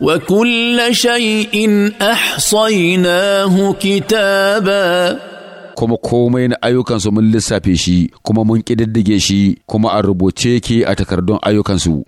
وكل شيء احصيناه كتابا kuma komai na ayyukansu mun lissafe shi kuma mun ƙididdige shi kuma a rubuce ke a takardun ayyukansu